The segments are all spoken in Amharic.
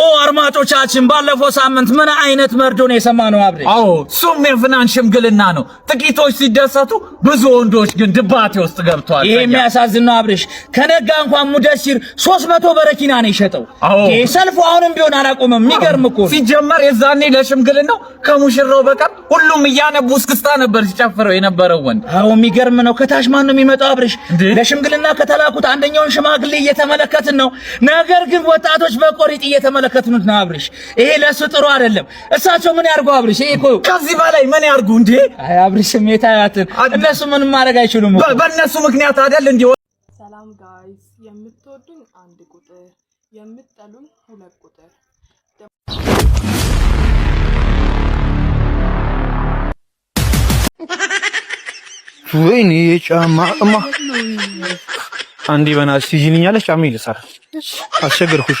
ኦ አድማጮቻችን፣ ባለፈው ሳምንት ምን አይነት መርዶ ነው የሰማነው? አብሬ አዎ፣ እሱም የፍናን ሽምግልና ነው። ጥቂቶች ሲደሰቱ፣ ብዙ ወንዶች ግን ድባቴ ውስጥ ገብቷል። ይሄ የሚያሳዝን ነው። አብሬሽ ከነጋ እንኳን ሙደሲር 300 በረኪና ነው የሸጠው። ይሄ ሰልፉ አሁንም ቢሆን አላቆመም። የሚገርም እኮ ሲጀመር የዛኔ ለሽምግልናው ከሙሽራው በቀር ሁሉም እያነቡ እስክስታ ነበር ሲጨፍረው የነበረው ወንድ። አዎ የሚገርም ነው። ከታች ማን ነው የሚመጣው? አብሬሽ ለሽምግልና ከተላኩት አንደኛውን ሽማግሌ እየተመለከትን ነው። ነገር ግን ወጣቶች በቆሪጥ እየተመለ የምትመለከቱት ነው አብርሽ። ይሄ ለእሱ ጥሩ አይደለም። እሳቸው ምን ያርጉ አብርሽ? ይሄ እኮ ከዚህ በላይ ምን ያርጉ እንዴ? አይ አብርሽ ስሜት አያትን። እነሱ ምንም ማድረግ አይችሉም። በእነሱ ምክንያት አይደል እንዴ? ሰላም ጋይስ፣ የምትወዱኝ አንድ ቁጥር፣ የምትጠሉኝ ሁለት ቁጥር ወይኔ የጫማ ቅማ አንዴ በናትሽ ትይዥልኛለሽ? ጫማ ይልሳል። አስቸገርኩሽ።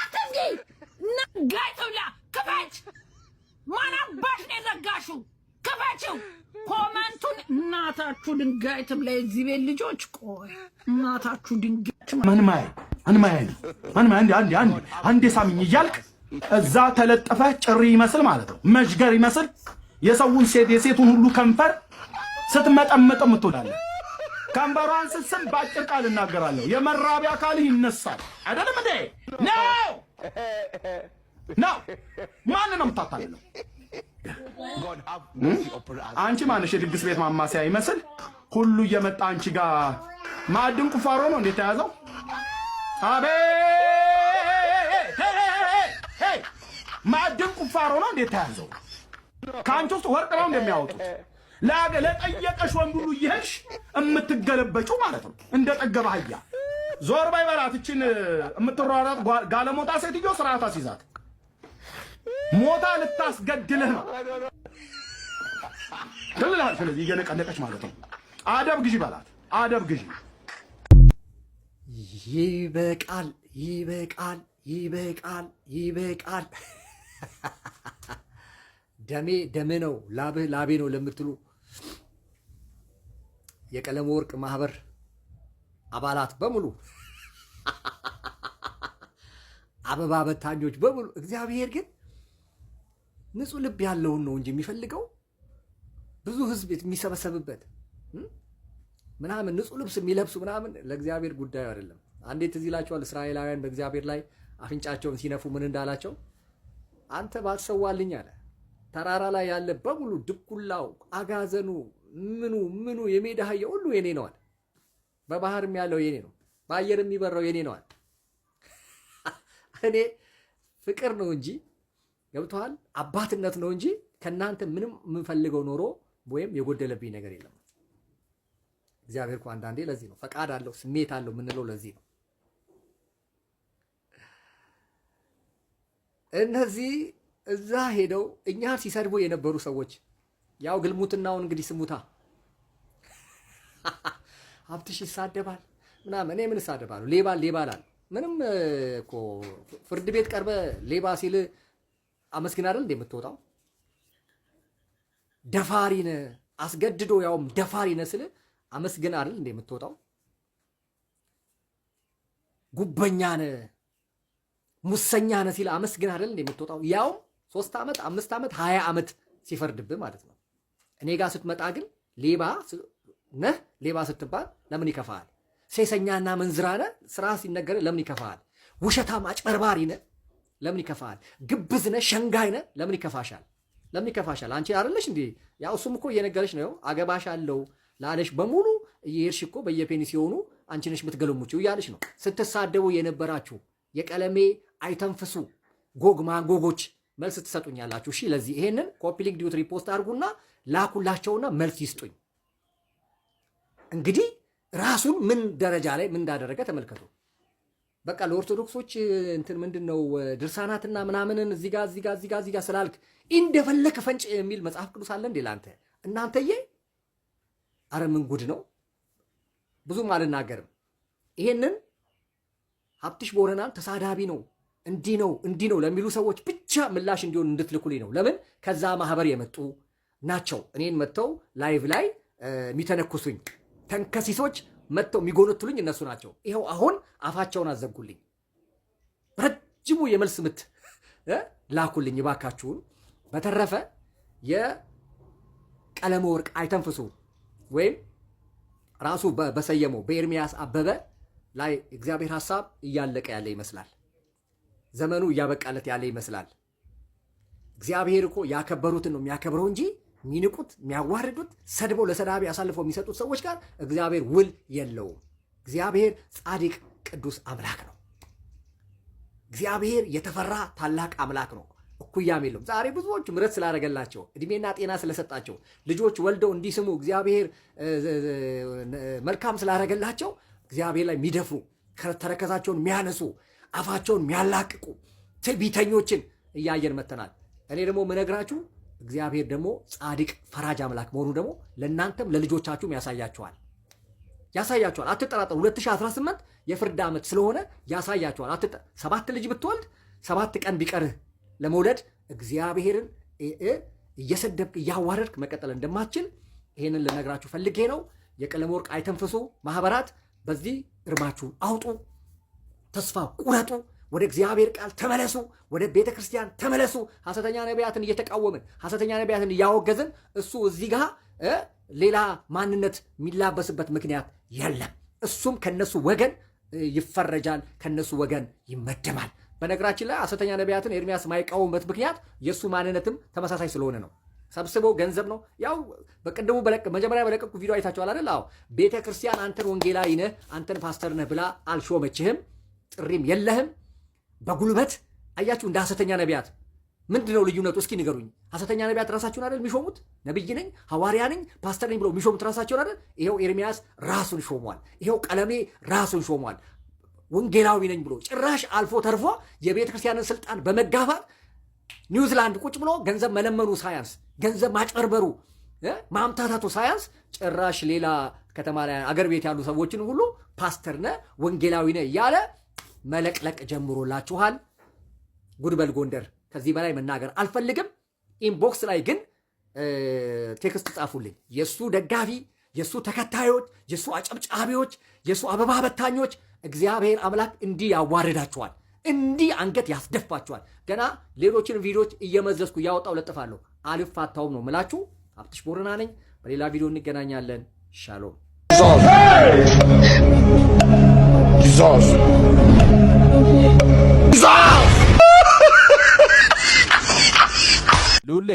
አትዝጊ ጋይ ትብላ ክፈች። ማን አባሽ ነው የዘጋሽው? ክፈችው ኮመንቱን። እናታችሁ ድንጋይ ትብላ የዚህ ቤት ልጆች። ቆይ እናታችሁ ድንጋይ አንማይ አንማይ አንማይ አንዴ አንዴ አንዴ አንዴ ሳምኝ እያልክ እዛ ተለጠፈ ጭሪ ይመስል ማለት ነው መዥገር ይመስል የሰውን ሴት የሴቱን ሁሉ ከንፈር ስትመጠመጥ ምትውላለህ። ከንበሯን ስስም በአጭር ቃል እናገራለሁ። የመራቢያ አካል ይነሳል። አይደለም እንዴ? ነው ነው። ማን ነው የምታታልለው? አንቺ ማንሽ? የድግስ ቤት ማማሰያ ይመስል ሁሉ እየመጣ አንቺ ጋር ማዕድን ቁፋሮ ነው እንዴት ተያዘው? አቤ ማዕድን ቁፋሮ ነው እንዴት ተያዘው? ከአንቺ ውስጥ ወርቅ ነው እንደሚያወጡት ለጠየቀሽ ወንድ ሁሉ እየሄድሽ የምትገለበጩ ማለት ነው። እንደ ጠገበ አህያ ዞር በይ በላት። እችን የምትሯሯጥ ጋለሞታ ሴትዮ ስርዓት አስይዛት። ሞታ ልታስገድልህ ነው ትልልሃል። ስለዚህ እየነቀነቀች ማለት ነው። አደብ ግዢ በላት። አደብ ግዢ። ይበቃል፣ ይበቃል፣ ይበቃል፣ ይበቃል። ደሜ ደሜ ነው፣ ላብህ ላቤ ነው ለምትሉ የቀለም ወርቅ ማህበር አባላት በሙሉ አበባ በታኞች በሙሉ እግዚአብሔር ግን ንጹህ ልብ ያለውን ነው እንጂ የሚፈልገው ብዙ ህዝብ የሚሰበሰብበት ምናምን ንጹህ ልብስ የሚለብሱ ምናምን ለእግዚአብሔር ጉዳዩ አይደለም። አንዴት እዚህ ይላቸዋል እስራኤላውያን በእግዚአብሔር ላይ አፍንጫቸውን ሲነፉ ምን እንዳላቸው አንተ ባትሰዋልኝ አለ ተራራ ላይ ያለ በሙሉ ድኩላው፣ አጋዘኑ፣ ምኑ ምኑ የሜዳ አህያ ሁሉ የኔ ነዋል። በባህርም ያለው የኔ ነው። በአየር የሚበረው የኔ ነዋል። እኔ ፍቅር ነው እንጂ ገብቷል አባትነት ነው እንጂ ከእናንተ ምንም የምንፈልገው ኖሮ ወይም የጎደለብኝ ነገር የለም። እግዚአብሔር እኮ አንዳንዴ ለዚህ ነው ፈቃድ አለው ስሜት አለው የምንለው ለዚህ ነው እነዚህ እዛ ሄደው እኛ ሲሰድቡ የነበሩ ሰዎች ያው ግልሙትናውን እንግዲህ ስሙታ ሀብትሽ ይሳደባል ምናምን። እኔ ምን እሳደባለሁ? ሌባ ሌባላል ምንም እኮ ፍርድ ቤት ቀርበ ሌባ ሲል አመስግን አይደል እንደ የምትወጣው ደፋሪነ አስገድዶ ያውም ደፋሪነ ስል አመስግን አይደል እንደ የምትወጣው ጉበኛነ ሙሰኛነ ሲል አመስግን አይደል እንደ የምትወጣው ያውም ሶስት ዓመት አምስት ዓመት ሀያ ዓመት ሲፈርድብህ ማለት ነው። እኔ ጋር ስትመጣ ግን ሌባ ነህ ሌባ ስትባል ለምን ይከፋሃል? ሴሰኛና መንዝራ ነህ ስራ ሲነገር ለምን ይከፋሃል? ውሸታም አጭበርባሪ ነህ ለምን ይከፋሃል? ግብዝ ነህ ሸንጋይ ነህ ለምን ይከፋሻል? ለምን ይከፋሻል? አንቺ አይደለሽ እንዴ? ያው እሱም እኮ እየነገረች ነው። አገባሽ አለው ላለሽ በሙሉ እየሄድሽ እኮ በየፔኒ ሲሆኑ አንቺ ነሽ የምትገለሙችው እያለሽ ነው። ስትሳደቡ የነበራችሁ የቀለሜ አይተንፍሱ ጎግ ማጎጎች መልስ ትሰጡኛላችሁ። እሺ፣ ለዚህ ይሄንን ኮፒ ሊንክ ዲዩት ሪፖስት አድርጉና ላኩላቸውና መልስ ይስጡኝ። እንግዲህ ራሱን ምን ደረጃ ላይ ምን እንዳደረገ ተመልከቱ። በቃ ለኦርቶዶክሶች እንትን ምንድን ነው ድርሳናትና ምናምንን እዚጋ እዚጋ እዚጋ እዚጋ ስላልክ እንደፈለክ ፈንጭ የሚል መጽሐፍ ቅዱስ አለ እንዴ ላንተ? እናንተዬ አረ ምን ጉድ ነው። ብዙም አልናገርም። ይሄንን ሀብትሽ ቦረናን ተሳዳቢ ነው እንዲህ ነው እንዲህ ነው ለሚሉ ሰዎች ብቻ ምላሽ እንዲሆን እንድትልኩልኝ ነው። ለምን ከዛ ማህበር የመጡ ናቸው። እኔን መጥተው ላይቭ ላይ የሚተነኩሱኝ ተንከሲሶች መጥተው የሚጎነቱልኝ እነሱ ናቸው። ይኸው አሁን አፋቸውን አዘጉልኝ። ረጅሙ የመልስ ምት ላኩልኝ እባካችሁን። በተረፈ የቀለመ ወርቅ አይተንፍሱ ወይም ራሱ በሰየመው በኤርሚያስ አበበ ላይ እግዚአብሔር ሀሳብ እያለቀ ያለ ይመስላል። ዘመኑ እያበቃለት ያለ ይመስላል። እግዚአብሔር እኮ ያከበሩትን ነው የሚያከብረው እንጂ የሚንቁት፣ የሚያዋርዱት፣ ሰድበው ለሰዳቢ አሳልፈው የሚሰጡት ሰዎች ጋር እግዚአብሔር ውል የለውም። እግዚአብሔር ጻድቅ ቅዱስ አምላክ ነው። እግዚአብሔር የተፈራ ታላቅ አምላክ ነው። እኩያም የለውም። ዛሬ ብዙዎች ምረት ስላደረገላቸው እድሜና ጤና ስለሰጣቸው ልጆች ወልደው እንዲስሙ እግዚአብሔር መልካም ስላደረገላቸው እግዚአብሔር ላይ የሚደፍሩ ተረከዛቸውን የሚያነሱ አፋቸውን የሚያላቅቁ ትዕቢተኞችን እያየን መተናል። እኔ ደግሞ ምነግራችሁ እግዚአብሔር ደግሞ ጻድቅ ፈራጅ አምላክ መሆኑ ደግሞ ለእናንተም ለልጆቻችሁም ያሳያችኋል ያሳያችኋል። አትጠራጠሩ። 2018 የፍርድ ዓመት ስለሆነ ያሳያችኋል። ሰባት ልጅ ብትወልድ ሰባት ቀን ቢቀርህ ለመውለድ እግዚአብሔርን እየሰደብክ እያዋረድክ መቀጠል እንደማትችል ይህንን ልነግራችሁ ፈልጌ ነው። የቀለም ወርቅ አይተንፍሱ ማህበራት በዚህ እርማችሁን አውጡ። ተስፋ ቁረጡ። ወደ እግዚአብሔር ቃል ተመለሱ። ወደ ቤተ ክርስቲያን ተመለሱ። ሐሰተኛ ነቢያትን እየተቃወምን ሐሰተኛ ነቢያትን እያወገዝን እሱ እዚህ ጋር ሌላ ማንነት የሚላበስበት ምክንያት የለም። እሱም ከነሱ ወገን ይፈረጃል፣ ከነሱ ወገን ይመደባል። በነገራችን ላይ ሐሰተኛ ነቢያትን ኤርሚያስ ማይቃወምበት ምክንያት የእሱ ማንነትም ተመሳሳይ ስለሆነ ነው። ሰብስበው ገንዘብ ነው። ያው በቅድሙ መጀመሪያ በለቀቁ ቪዲዮ አይታቸዋል አይደል? አዎ ቤተ ክርስቲያን አንተን ወንጌላዊ ነህ፣ አንተን ፓስተር ነህ ብላ አልሾመችህም። ጥሪም የለህም በጉልበት አያችሁ። እንደ ሐሰተኛ ነቢያት ምንድን ነው ልዩነቱ? እስኪ ንገሩኝ። ሐሰተኛ ነቢያት ራሳችሁን አይደል የሚሾሙት? ነብይ ነኝ፣ ሐዋርያ ነኝ፣ ፓስተር ነኝ ብለው የሚሾሙት ራሳቸውን አይደል? ይኸው ኤርሚያስ ራሱን ሾሟል። ይኸው ቀለሜ ራሱን ሾሟል። ወንጌላዊ ነኝ ብሎ ጭራሽ አልፎ ተርፎ የቤተ ክርስቲያንን ስልጣን በመጋፋት ኒውዚላንድ ቁጭ ብሎ ገንዘብ መለመኑ ሳያንስ ገንዘብ ማጭበርበሩ ማምታታቱ ሳያንስ ጭራሽ ሌላ ከተማ ላይ አገር ቤት ያሉ ሰዎችን ሁሉ ፓስተር ነ ወንጌላዊ ነ እያለ መለቅለቅ ጀምሮላችኋል። ጉድበል ጎንደር። ከዚህ በላይ መናገር አልፈልግም። ኢንቦክስ ላይ ግን ቴክስት ጻፉልኝ። የእሱ ደጋፊ፣ የእሱ ተከታዮች፣ የእሱ አጨብጫቢዎች፣ የእሱ አበባ በታኞች እግዚአብሔር አምላክ እንዲህ ያዋርዳችኋል፣ እንዲህ አንገት ያስደፋችኋል። ገና ሌሎችን ቪዲዮዎች እየመዘዝኩ እያወጣው ለጥፋለሁ። አልፋታውም ነው ምላችሁ። ሀብትሽ ቦረና ነኝ። በሌላ ቪዲዮ እንገናኛለን። ሻሎም ልውሌ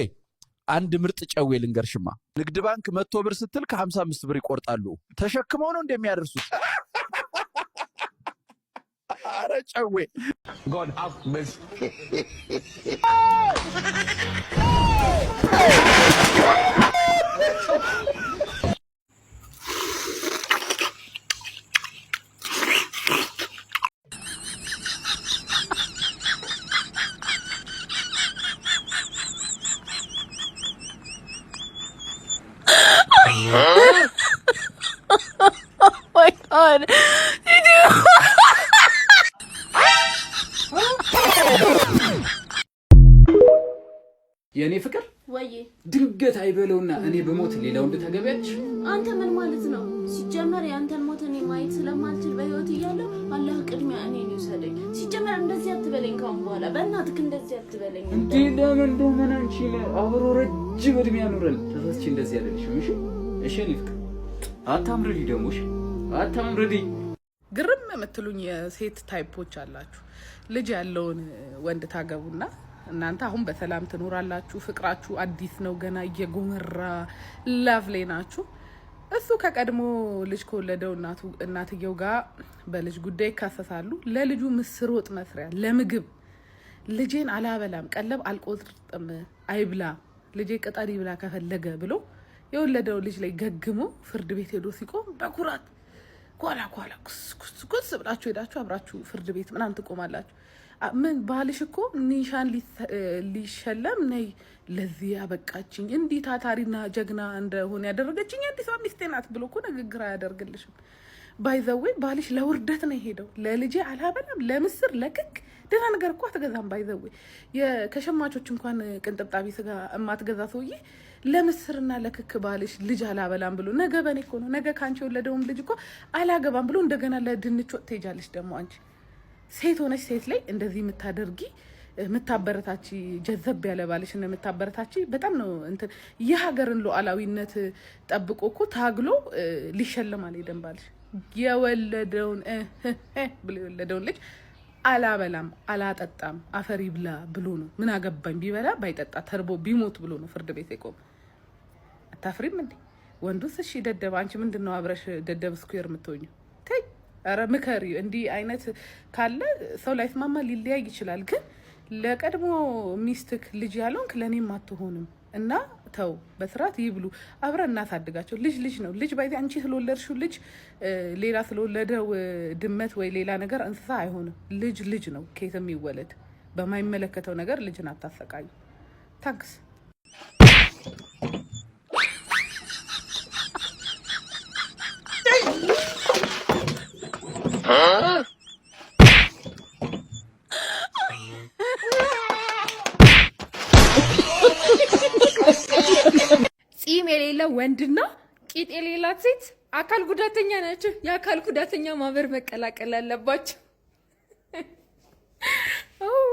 አንድ ምርጥ ጨዌ ልንገርሽማ። ንግድ ባንክ መቶ ብር ስትል ከ55 ብር ይቆርጣሉ። ተሸክመው ነው እንደሚያደርሱት። አረ ጨዌ Huh? oh my god. Did you? የእኔ ፍቅር ወይ ድንገት አይበለውና እኔ በሞት ሌላው ወንድ አንተ ምን ማለት ነው? ሲጀመር የአንተን ሞት እኔ ማየት ስለማልችል በህይወት እያለሁ አላህ ቅድሚያ እኔን ይውሰደኝ። ሲጀመር እንደዚህ አትበለኝ፣ ካሁን በኋላ በእናትህ እንደዚህ አትበለኝ። እንዴ ለምን እንደሆነ አንቺ አብሮ ረጅም እድሜ ኑረን ተፈስቺ እንደዚህ ያለሽ ምሽ እሸሪፍቅ አታምርሪ፣ ደሞሽ አታምርሪ። ግርም የምትሉኝ የሴት ታይፖች አላችሁ። ልጅ ያለውን ወንድ ታገቡና እናንተ አሁን በሰላም ትኖራላችሁ፣ ፍቅራችሁ አዲስ ነው ገና እየጎመራ ላቭሌ ናችሁ። እሱ ከቀድሞ ልጅ ከወለደው እናትየው ጋር በልጅ ጉዳይ ይካሰሳሉ። ለልጁ ምስር ወጥ መስሪያ ለምግብ ልጄን አላበላም፣ ቀለብ አልቆርጥም፣ አይብላ ልጄ ቅጠል ይብላ ከፈለገ ብሎ የወለደው ልጅ ላይ ገግሞ ፍርድ ቤት ሄዶ ሲቆም በኩራት ኳላ ኳላ ኩስኩስ ብላችሁ ሄዳችሁ አብራችሁ ፍርድ ቤት ምናምን ትቆማላችሁ። ምን ባልሽ እኮ ኒሻን ሊሸለም ነይ ለዚህ ያበቃችኝ እንዲህ ታታሪና ጀግና እንደሆነ ያደረገችኝ አዲሷ ሚስቴ ናት ብሎ እኮ ንግግር አያደርግልሽም። ባይዘዌ ባልሽ ለውርደት ነው የሄደው። ለልጄ አላበላም፣ ለምስር ለክክ ደህና ነገር እኮ አትገዛም። ባይዘዌ ከሸማቾች እንኳን ቅንጥብጣቢ ስጋ የማትገዛ ሰውዬ ለምስርና ለክክ ባልሽ ልጅ አላበላም ብሎ ነገ በኔ እኮ ነው ነገ ከአንቺ የወለደውም ልጅ እኮ አላገባም ብሎ እንደገና ለድንች ወጥ ትሄጃለሽ። ደግሞ አንቺ ሴት ሆነች ሴት ላይ እንደዚህ የምታደርጊ የምታበረታች ጀዘብ ያለ ባልሽ ነው የምታበረታች። በጣም ነው እንትን የሀገርን ሉዓላዊነት ጠብቆ እኮ ታግሎ ሊሸለም አልሄደም ባልሽ የወለደውን ብሎ የወለደውን ልጅ አላበላም አላጠጣም አፈሪ ብላ ብሎ ነው ምን አገባኝ ቢበላ ባይጠጣ ተርቦ ቢሞት ብሎ ነው ፍርድ ቤት የቆመ አታፍሪም እንዴ? ወንዱስ እሺ ደደብ፣ አንቺ ምንድን ነው አብረሽ ደደብ ስኩዌር የምትሆኙ? ተይ ኧረ ምከሪ። እንዲህ አይነት ካለ ሰው ላይስማማ ሊለያይ ይችላል። ግን ለቀድሞ ሚስትክ ልጅ ያለውንክ ለእኔም አትሆንም እና ተው በስርዓት ይብሉ። አብረን እናሳድጋቸው። ልጅ ልጅ ነው። ልጅ ባይዚ አንቺ ስለወለድሽው ልጅ ሌላ ስለወለደው ድመት ወይ ሌላ ነገር እንስሳ አይሆንም። ልጅ ልጅ ነው፣ ኬት ይወለድ። በማይመለከተው ነገር ልጅን አታሰቃዩ። ታንክስ ፂም የሌለው ወንድና ቂጥ የሌላት ሴት አካል ጉዳተኛ ናቸው። የአካል ጉዳተኛ ማህበር መቀላቀል አለባቸው።